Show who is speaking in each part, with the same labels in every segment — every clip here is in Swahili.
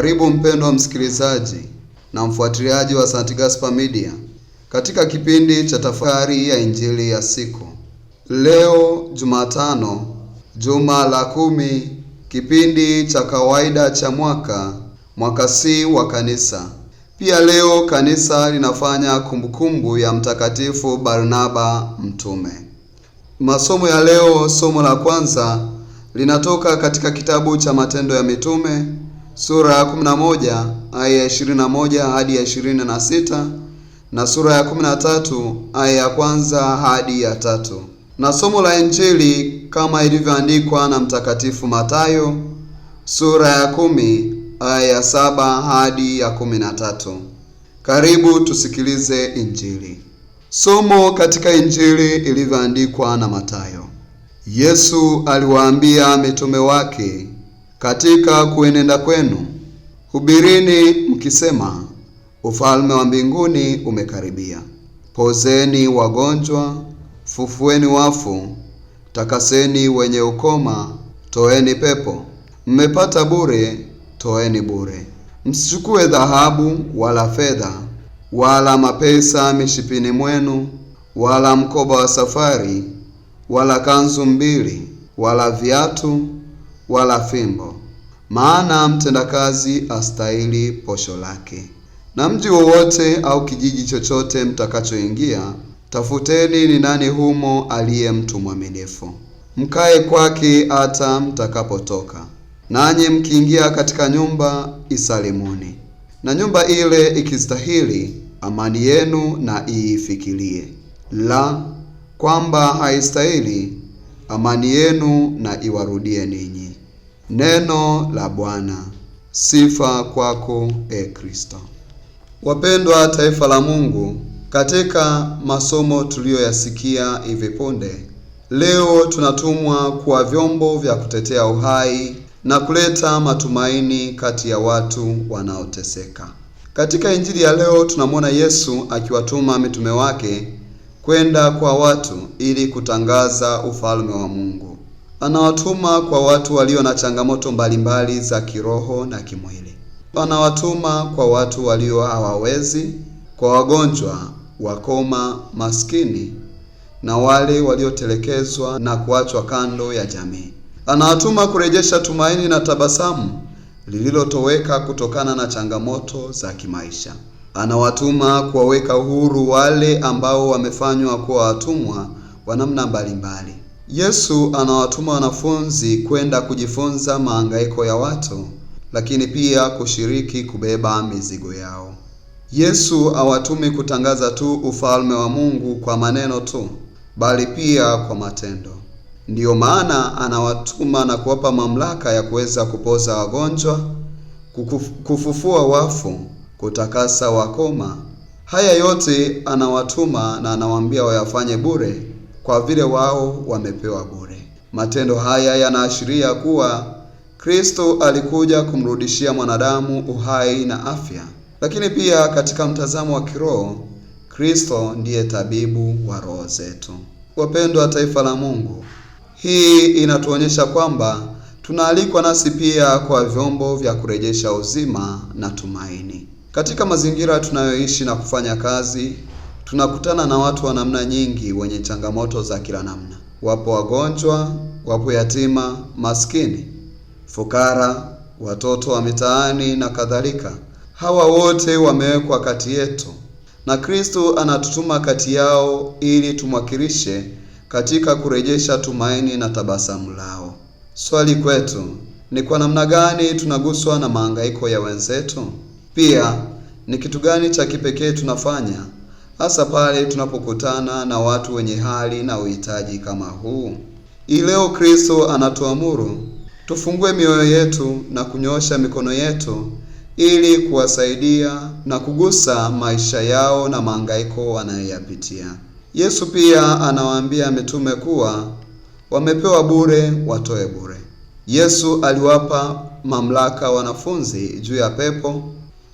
Speaker 1: Karibu mpendwa msikilizaji na mfuatiliaji wa St. Gaspar Media katika kipindi cha tafakari ya injili ya siku leo, Jumatano, juma la kumi, kipindi cha kawaida cha mwaka mwaka C wa kanisa. Pia leo kanisa linafanya kumbukumbu ya Mtakatifu Barnaba Mtume. Masomo ya leo, somo la kwanza linatoka katika kitabu cha Matendo ya Mitume sura ya 11 aya ya 21 hadi ya 26 na sura ya 13 aya ya kwanza hadi ya tatu. Na somo la Injili kama ilivyoandikwa na Mtakatifu Mathayo sura ya kumi aya ya saba hadi ya kumi na tatu. Karibu tusikilize Injili. Somo katika Injili ilivyoandikwa na Mathayo. Yesu aliwaambia mitume wake katika kuenenda kwenu, hubirini mkisema, ufalme wa mbinguni umekaribia. Pozeni wagonjwa, fufueni wafu, takaseni wenye ukoma, toeni pepo. Mmepata bure, toeni bure. Msichukue dhahabu wala fedha wala mapesa mishipini mwenu, wala mkoba wa safari, wala kanzu mbili, wala viatu wala fimbo, maana mtendakazi astahili posho lake. Na mji wowote au kijiji chochote mtakachoingia, tafuteni ni nani humo aliye mtu mwaminifu, mkae kwake hata mtakapotoka. Nanyi mkiingia katika nyumba, isalimuni. Na nyumba ile ikistahili, amani yenu na iifikirie; la kwamba haistahili, amani yenu na iwarudie ninyi. Neno la Bwana. Sifa kwako e Kristo. Wapendwa taifa la Mungu, katika masomo tuliyoyasikia hivi punde, leo tunatumwa kuwa vyombo vya kutetea uhai na kuleta matumaini kati ya watu wanaoteseka. Katika injili ya leo tunamwona Yesu akiwatuma mitume wake kwenda kwa watu ili kutangaza ufalme wa Mungu. Anawatuma kwa watu walio na changamoto mbalimbali za kiroho na kimwili. Anawatuma kwa watu walio hawawezi, kwa wagonjwa, wakoma, maskini na wale waliotelekezwa na kuachwa kando ya jamii. Anawatuma kurejesha tumaini na tabasamu lililotoweka kutokana na changamoto za kimaisha. Anawatuma kuwaweka uhuru wale ambao wamefanywa kuwa watumwa wa namna mbalimbali. Yesu anawatuma wanafunzi kwenda kujifunza mahangaiko ya watu, lakini pia kushiriki kubeba mizigo yao. Yesu hawatumi kutangaza tu ufalme wa Mungu kwa maneno tu, bali pia kwa matendo. Ndiyo maana anawatuma na kuwapa mamlaka ya kuweza kupoza wagonjwa, kufufua wafu, kutakasa wakoma. Haya yote anawatuma na anawaambia wayafanye bure kwa vile wao wamepewa bure. Matendo haya yanaashiria kuwa Kristo alikuja kumrudishia mwanadamu uhai na afya, lakini pia katika mtazamo wa kiroho, Kristo ndiye tabibu wa roho zetu. Wapendwa taifa la Mungu, hii inatuonyesha kwamba tunaalikwa nasi pia kwa vyombo vya kurejesha uzima na tumaini katika mazingira tunayoishi na kufanya kazi. Tunakutana na watu wa namna nyingi wenye changamoto za kila namna. Wapo wagonjwa, wapo yatima, maskini, fukara, watoto wa mitaani na kadhalika. Hawa wote wamewekwa kati yetu na Kristo anatutuma kati yao ili tumwakilishe katika kurejesha tumaini na tabasamu lao. Swali kwetu ni kwa namna gani tunaguswa na mahangaiko ya wenzetu? Pia ni kitu gani cha kipekee tunafanya hasa pale tunapokutana na watu wenye hali na uhitaji kama huu. Hii leo Kristo anatuamuru tufungue mioyo yetu na kunyosha mikono yetu ili kuwasaidia na kugusa maisha yao na mahangaiko wanayoyapitia. Yesu pia anawaambia mitume kuwa wamepewa bure, watoe bure. Yesu aliwapa mamlaka wanafunzi juu ya pepo,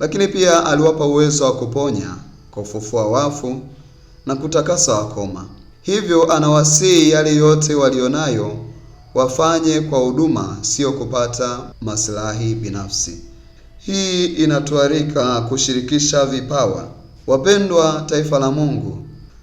Speaker 1: lakini pia aliwapa uwezo wa kuponya kufufua wafu na kutakasa wakoma. Hivyo anawasihi yale yote walionayo wafanye kwa huduma, sio kupata maslahi binafsi. Hii inatuarika kushirikisha vipawa. Wapendwa taifa la Mungu,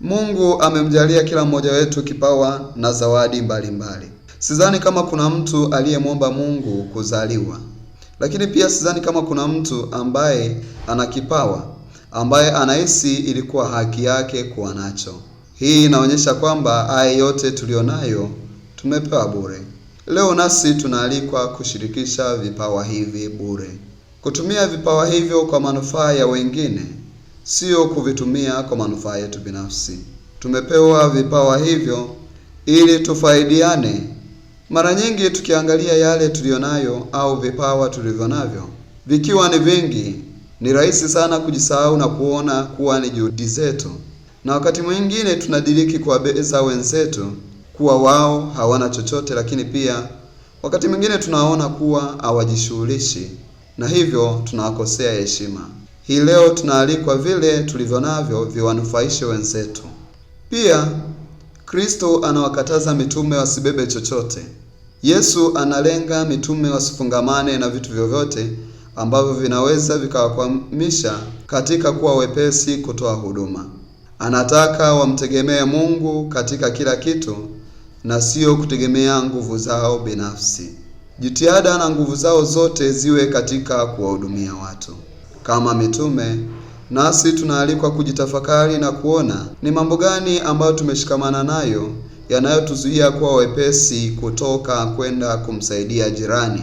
Speaker 1: Mungu amemjalia kila mmoja wetu kipawa na zawadi mbalimbali. Sidhani kama kuna mtu aliyemwomba Mungu kuzaliwa, lakini pia sidhani kama kuna mtu ambaye ana kipawa ambaye anahisi ilikuwa haki yake kuwa nacho. Hii inaonyesha kwamba haya yote tuliyonayo tumepewa bure. Leo nasi tunaalikwa kushirikisha vipawa hivi bure, kutumia vipawa hivyo kwa manufaa ya wengine, sio kuvitumia kwa manufaa yetu binafsi. Tumepewa vipawa hivyo ili tufaidiane. Mara nyingi tukiangalia yale tuliyonayo au vipawa tulivyonavyo vikiwa ni vingi ni rahisi sana kujisahau na kuona kuwa ni juhudi zetu, na wakati mwingine tunadiriki kuwabeza wenzetu kuwa wao hawana chochote, lakini pia wakati mwingine tunaona kuwa hawajishughulishi na hivyo tunawakosea heshima. Hii leo tunaalikwa vile tulivyo navyo viwanufaishe wenzetu. Pia Kristo anawakataza mitume wasibebe chochote. Yesu analenga mitume wasifungamane na vitu vyovyote ambavyo vinaweza vikawakwamisha katika kuwa wepesi kutoa huduma. Anataka wamtegemee Mungu katika kila kitu na sio kutegemea nguvu zao binafsi. Jitihada na nguvu zao zote ziwe katika kuwahudumia watu. Kama mitume, nasi tunaalikwa kujitafakari na kuona ni mambo gani ambayo tumeshikamana nayo yanayotuzuia kuwa wepesi kutoka kwenda kumsaidia jirani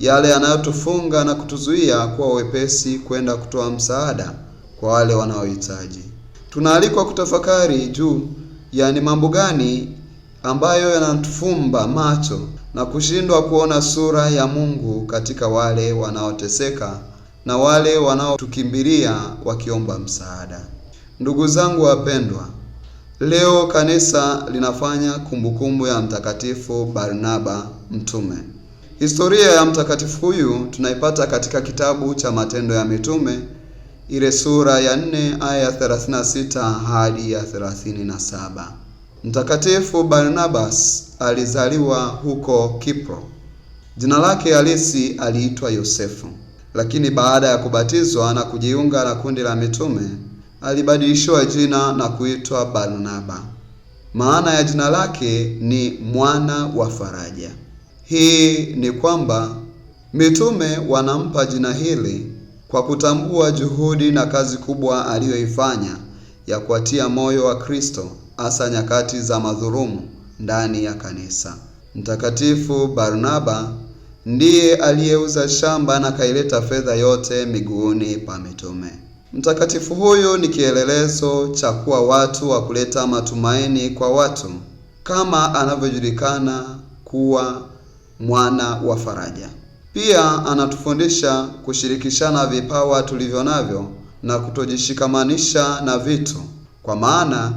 Speaker 1: yale yanayotufunga na kutuzuia kuwa wepesi kwenda kutoa msaada kwa wale wanaohitaji. Tunaalikwa kutafakari juu ya ni mambo gani ambayo yanatufumba macho na kushindwa kuona sura ya Mungu katika wale wanaoteseka na wale wanaotukimbilia wakiomba msaada. Ndugu zangu wapendwa, leo kanisa linafanya kumbukumbu ya Mtakatifu Barnaba mtume. Historia ya mtakatifu huyu tunaipata katika kitabu cha Matendo ya Mitume ile sura ya 4 aya ya 36 hadi ya 37. Mtakatifu Barnabas alizaliwa huko Kipro. Jina lake halisi aliitwa Yosefu, lakini baada ya kubatizwa na kujiunga na kundi la mitume alibadilishiwa jina na kuitwa Barnaba. Maana ya jina lake ni mwana wa faraja hii ni kwamba mitume wanampa jina hili kwa kutambua juhudi na kazi kubwa aliyoifanya ya kuatia moyo wa Kristo hasa nyakati za madhulumu ndani ya kanisa. Mtakatifu Barnaba ndiye aliyeuza shamba na kaileta fedha yote miguuni pa mitume. Mtakatifu huyu ni kielelezo cha kuwa watu wa kuleta matumaini kwa watu kama anavyojulikana kuwa mwana wa faraja. Pia anatufundisha kushirikishana vipawa tulivyo navyo na kutojishikamanisha na vitu, kwa maana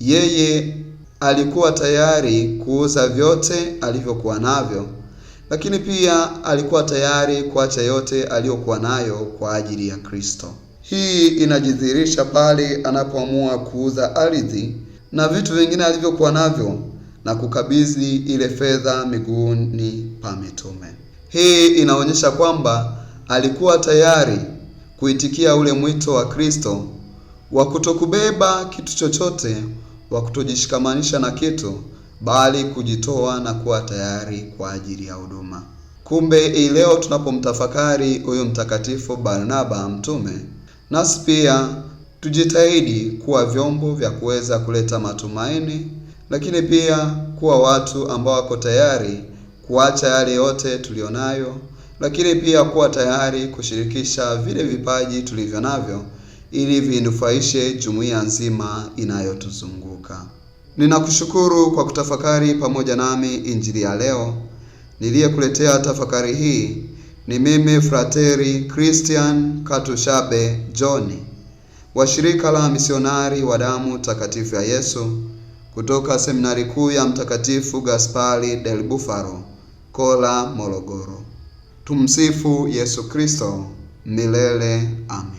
Speaker 1: yeye alikuwa tayari kuuza vyote alivyokuwa navyo, lakini pia alikuwa tayari kuacha yote aliyokuwa nayo kwa ajili ya Kristo. Hii inajidhihirisha pale anapoamua kuuza ardhi na vitu vingine alivyokuwa navyo na kukabidhi ile fedha miguuni pa mitume. Hii inaonyesha kwamba alikuwa tayari kuitikia ule mwito wa Kristo wa kutokubeba kitu chochote, wa kutojishikamanisha na kitu, bali kujitoa na kuwa tayari kwa ajili ya huduma. Kumbe hii leo tunapomtafakari huyu mtakatifu Barnaba mtume, nasi pia tujitahidi kuwa vyombo vya kuweza kuleta matumaini lakini pia kuwa watu ambao wako tayari kuacha yale yote tulionayo, lakini pia kuwa tayari kushirikisha vile vipaji tulivyo navyo ili vinufaishe jumuiya nzima inayotuzunguka. Ninakushukuru kwa kutafakari pamoja nami injili ya leo. Niliyekuletea tafakari hii ni mimi Frateri Christian Katushabe John wa shirika la misionari wa damu takatifu ya Yesu kutoka seminari kuu ya Mtakatifu Gaspari del Bufalo, Kola, Morogoro. Tumsifu Yesu Kristo milele. Amen.